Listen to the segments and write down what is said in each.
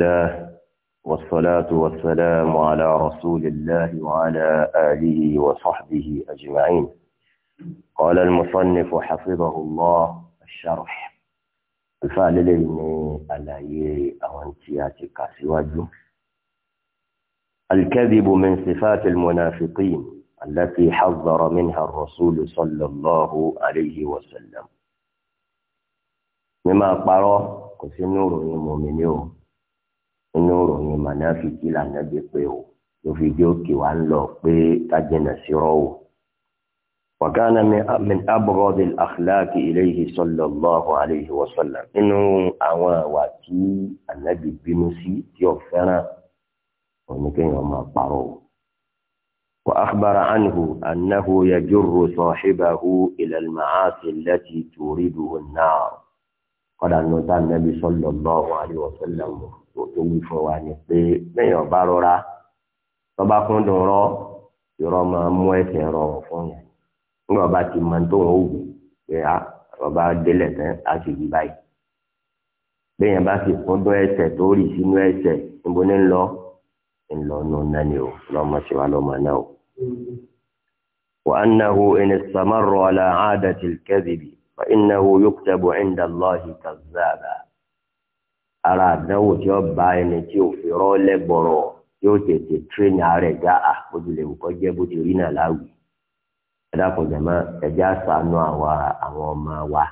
الله والصلاة والسلام على رسول الله وعلى آله وصحبه أجمعين قال المصنف حفظه الله الشرح الفعل لين على أوانتيات كاسواجه الكذب من صفات المنافقين التي حذر منها الرسول صلى الله عليه وسلم مما قرأ كسنور المؤمنين inú ròyìn mànáfíkì lànà bí pé o ló fi jẹ́ òkè wa lọ pé kájínà sí rọ́wọ́. وكان من أبغض الأخلاق إليه صلى الله عليه وسلم إنه àwọn ìwà tí Ànábì bínú sí tí قروا وأخبر عنه أنه يجر صاحبه إلى المعاصي التي تورده النار kọ́dà ní ọ̀tá nẹ́bí sọ́lọ̀ bá wà ní ọ̀sẹ̀lẹ̀ mọ̀ tó wí fún wa ni pé lẹ́yìn ọ̀bá rọra tọ́ba fún dùn rọ ìrọ̀ máa mú ẹsẹ̀ rọrùn fún yẹn nígbà bá ti mọ tó wọn ò wù pé a ọba délẹ̀ tán á sì yí báyìí lẹ́yìn bá ti kún dún ẹsẹ̀ tó rì sínú ẹsẹ̀ níbo ní lọ ń nù nání o lọ́mọ sí wa lọ́mọ náà o. وأنه إن استمر على عادة الكذب فإنه يكتب عند الله كذابا ara àdánwò tí ó bá ẹni tí ò fi rọ́ọ̀lẹ́ bọ̀rọ̀ tí ó tètè tírénì ààrẹ gá à ah, bójúlẹ̀ òkọ́ jẹ́ bó ti rí náà láwì ẹ̀dàkùn jẹ̀mọ́ ẹ̀já sànú àwọn ọmọ wa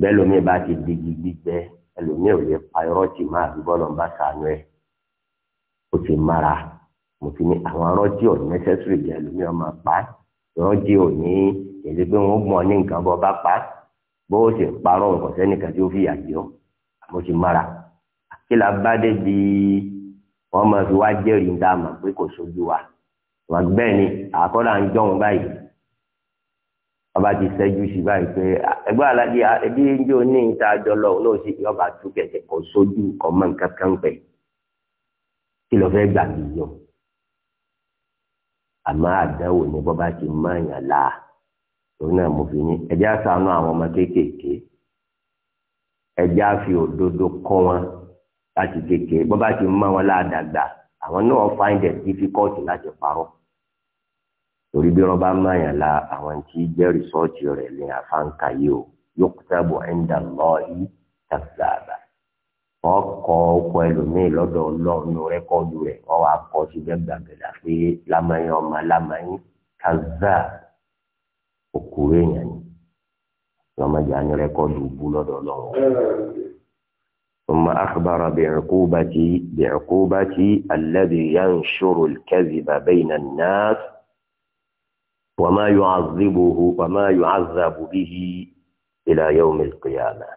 bẹ́ẹ̀ lómi bá ti digi gbígbẹ́ ẹlòmíì ò lè pa irọ́ tì máa fi bọ́ọ̀lù bá sànú ẹ̀ ó ti mára mo ti ní àwọn irọ́ tí ò nẹ́sẹ̀sìrì jẹ́ ẹlòmíì ọmọ pa irọ́ tí ò ní èdè pé wọn mọ ní nǹkan bọ bá pa bó o sì parọ́ nǹkan sẹ́nìkan tí ó fi yàtí ọ àmọ́ ti mára kí la bá dé di wọn máa fi wá jẹ́rìí ń dáàmà pé kò sójú wa wọn bẹ́ẹ̀ ni àkọ́dà ń jọ̀hún báyìí ọba ti ṣẹ́jú sí báyìí pé ẹgbẹ́ alájí ẹbí ń ní ìta àjọ lọ olóòsì yọba tún kẹ̀kẹ́ kò sójú kò mọ nǹkan kan pẹ̀ kí lọ fẹ́ gbà mí yọ àmọ́ àdáwò ni bọ́ba ti máa yàn láà òun náà mo fi ní ẹjẹ́ àṣàánú àwọn ọmọ kéékèèké ẹjẹ́ àfi òdodo kọ́ wọn láti kéékèèké bọ́ bá ti mọ́ wọn láàdàgbà àwọn náà find it difficult láti parọ́ torí bí wọn bá máyàn la àwọn tí jẹ́ rìsọ́ọ̀tì rẹ̀ ní àfáǹkà yìí o yuktabu inda Allahi kàzàbà ọkọ ọkọ ẹlòmíì lọ́dọ̀ Ọlọ́run rẹkọọdù rẹ ọwọ akọ síbẹ̀ gbàgbẹdà pé lamẹyìn ọmọ lamẹyìn kàzàbà òkú èèyàn ni lọ́mọdé á ní rẹ́kọ́dù bú lọ́dọ̀ lọ́wọ́. ثم أخبر بعقوبة بعقوبة الذي ينشر الكذب بين الناس وما يعذبه وما يعذب به إلى يوم القيامة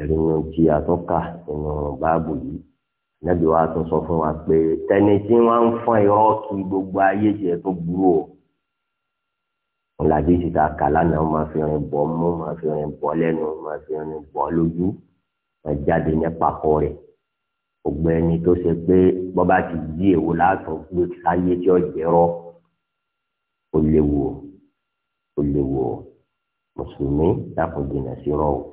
ẹ̀rínú tí a tó kà nínú báàbù yìí nábì wa tún sọ fún wa pé tẹni tí wọ́n ń fọ́n irọ́ kí gbogbo ayé jẹ́ tó burú o. Bangladesh ta kàlá náà máa fi rin bọ́ mú máa fi rin bọ́ lẹ́nu máa fi rin bọ́ lójú máa jáde ní papọ̀ rẹ̀ ògbẹ́ ẹni tó ṣe pé bọ́ba ti di èwo látọ̀ gbé láyé tí ó jẹ́rọ́ ó léwu ó léwu mùsùlùmí dàpọ̀ dènà sí rọ́ o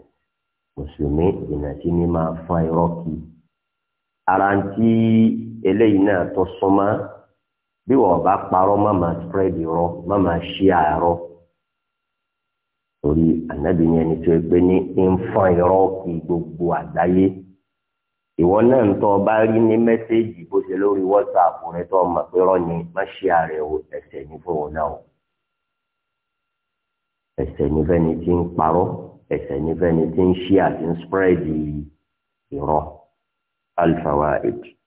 mùsùlùmí dènà sí ní máa fọ́n irọ́ kí ara eléyìí náà tó súnmọ́ bí wọn bá parọ́ má máa spread irọ́ má máa ṣí àárọ̀ torí ànábì ni ẹni tó yẹ pé ní ń fọn irọ́ kí gbogbo àgbáyé ìwọ náà ń tọ́ bá rí ní mẹ́sẹ́ẹ̀jì bó ṣe lórí whatsapp rẹ tó mọ̀ pé irọ́ má ṣí ààrẹ o ẹ̀ṣẹ̀ ní fún wọn náà o ẹ̀ṣẹ̀ ní fẹ́ni tí ń parọ́ ẹ̀ṣẹ̀ ní fẹ́ni tí ń ṣí àti ń spread irọ́ alfawa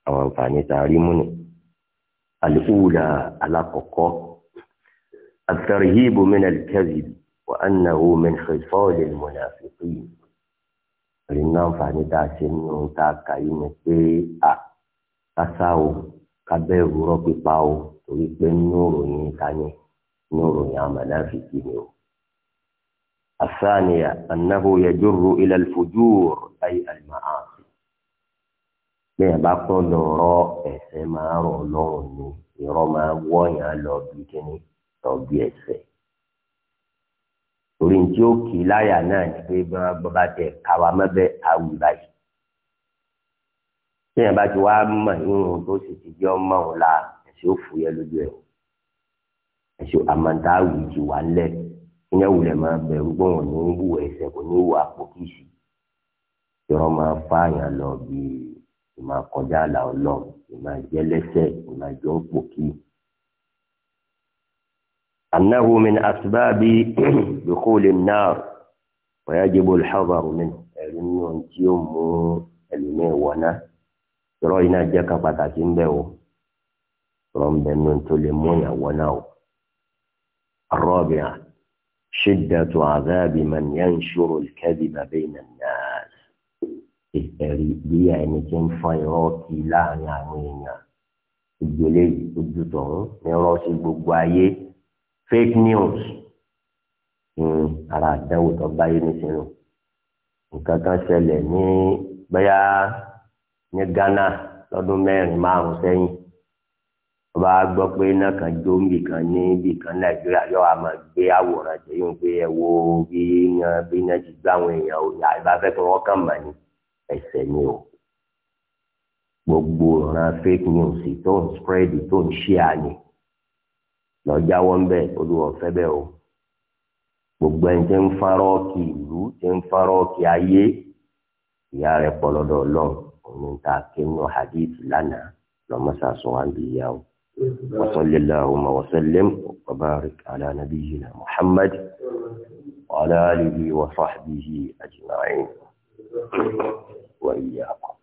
àwọn àǹfààní tá a rí mú nìyí àlùkùlà alákọ̀ọ́kọ́ àtàríhìbù min al-kadhib wa annahu min khisali al-munafiqin rí náǹfààní tá a ṣe nínú tá a kà yìí ni pé a kásá o kábẹ́ẹ̀rù rọ́ pípa o torí pé nínú ìròyìn kání nínú ìròyìn àmàlàfíkì ni o. الثانية أنه يجر إلى الفجور أي المعاصي bẹ́ẹ̀ bá kọ́ lọ rọ ẹ̀sẹ̀ máa rọ̀ lọ́rùn ni irọ́ máa wọ́yàn lọ bí kíní lọ bí ẹ̀sẹ̀. torí tí ó kì í láyà náà ni pé bí wọ́n bá tẹ káwa mẹ́bẹ́ awì báyìí. bẹ́ẹ̀ bá ti wá mọ̀ irun tó sì ti jẹ́ ọmọ òun la ẹ̀sẹ̀ ó fúyẹ́ lójú ẹ̀ o. ẹ̀sẹ̀ àmọ́ta awì ti wà ńlẹ̀ ìyẹn wulẹ̀ máa bẹ̀rù gbọ̀n ní wù ẹ̀sẹ̀ kò ní wù àpò kìsì irọ́ máa fáyàn lọ bíi ìmọ̀ akọjá àlà ọlọ́run ìmọ̀ àjẹlẹ́sẹ̀ ìmọ̀ àjọ òpòkì. أنه من أسباب دخول النار ويجب الحذر منه ẹlòmíì ohun tí ó mú ẹlòmíì wọná ìrọ̀ iná jẹ́ kan pàtàkì ń bẹ̀ o ìrọ̀ ń bẹ̀ nínú tó lè mú yàn wọná o. الرابعة شدة عذاب من ينشر الكذب بين الناس ẹ̀rí bí ẹni tí ń fọn irọ́ kí láàrin àwọn èèyàn ìgbélé ojú tọ̀hún irọ́ sí gbogbo ayé fake news hmm, ara àdánwò tó báyé nísìnyí nǹkan kan ṣẹlẹ̀ ní bẹ́yà ní Ghana lọ́dún mẹ́rin márùn-ún sẹ́yìn wọ́n bá gbọ́ pé iná kan jó níbì kan ní ibì kan Nàìjíríà yóò wá máa gbé àwòrán jẹ́yìn pé ẹ wo bí iná bí iná ti gbá àwọn èèyàn ìyá ìbáfẹ́ kí wọ́n kàn mọ̀ ni ẹ̀ṣẹ̀ ni o gbogbo ìran fake news tó ń spread tó ń ṣí àyè lọ́jàwọ́ ń bẹ̀ olúwọ̀fẹ́ bẹ́ẹ̀ o gbogbo ẹni tí ń farọ́ọ̀kì ìlú tí ń farọ́ọ̀kì ayé ìyá rẹ̀ pọ̀ lọ́dọ̀ òun ta kéwìn hadith lánàá lọ́mọ́sá sọ wá ń bí ìyá o. وصل اللهم وسلم وبارك على نبينا محمد وعلى آله وصحبه أجمعين وإياكم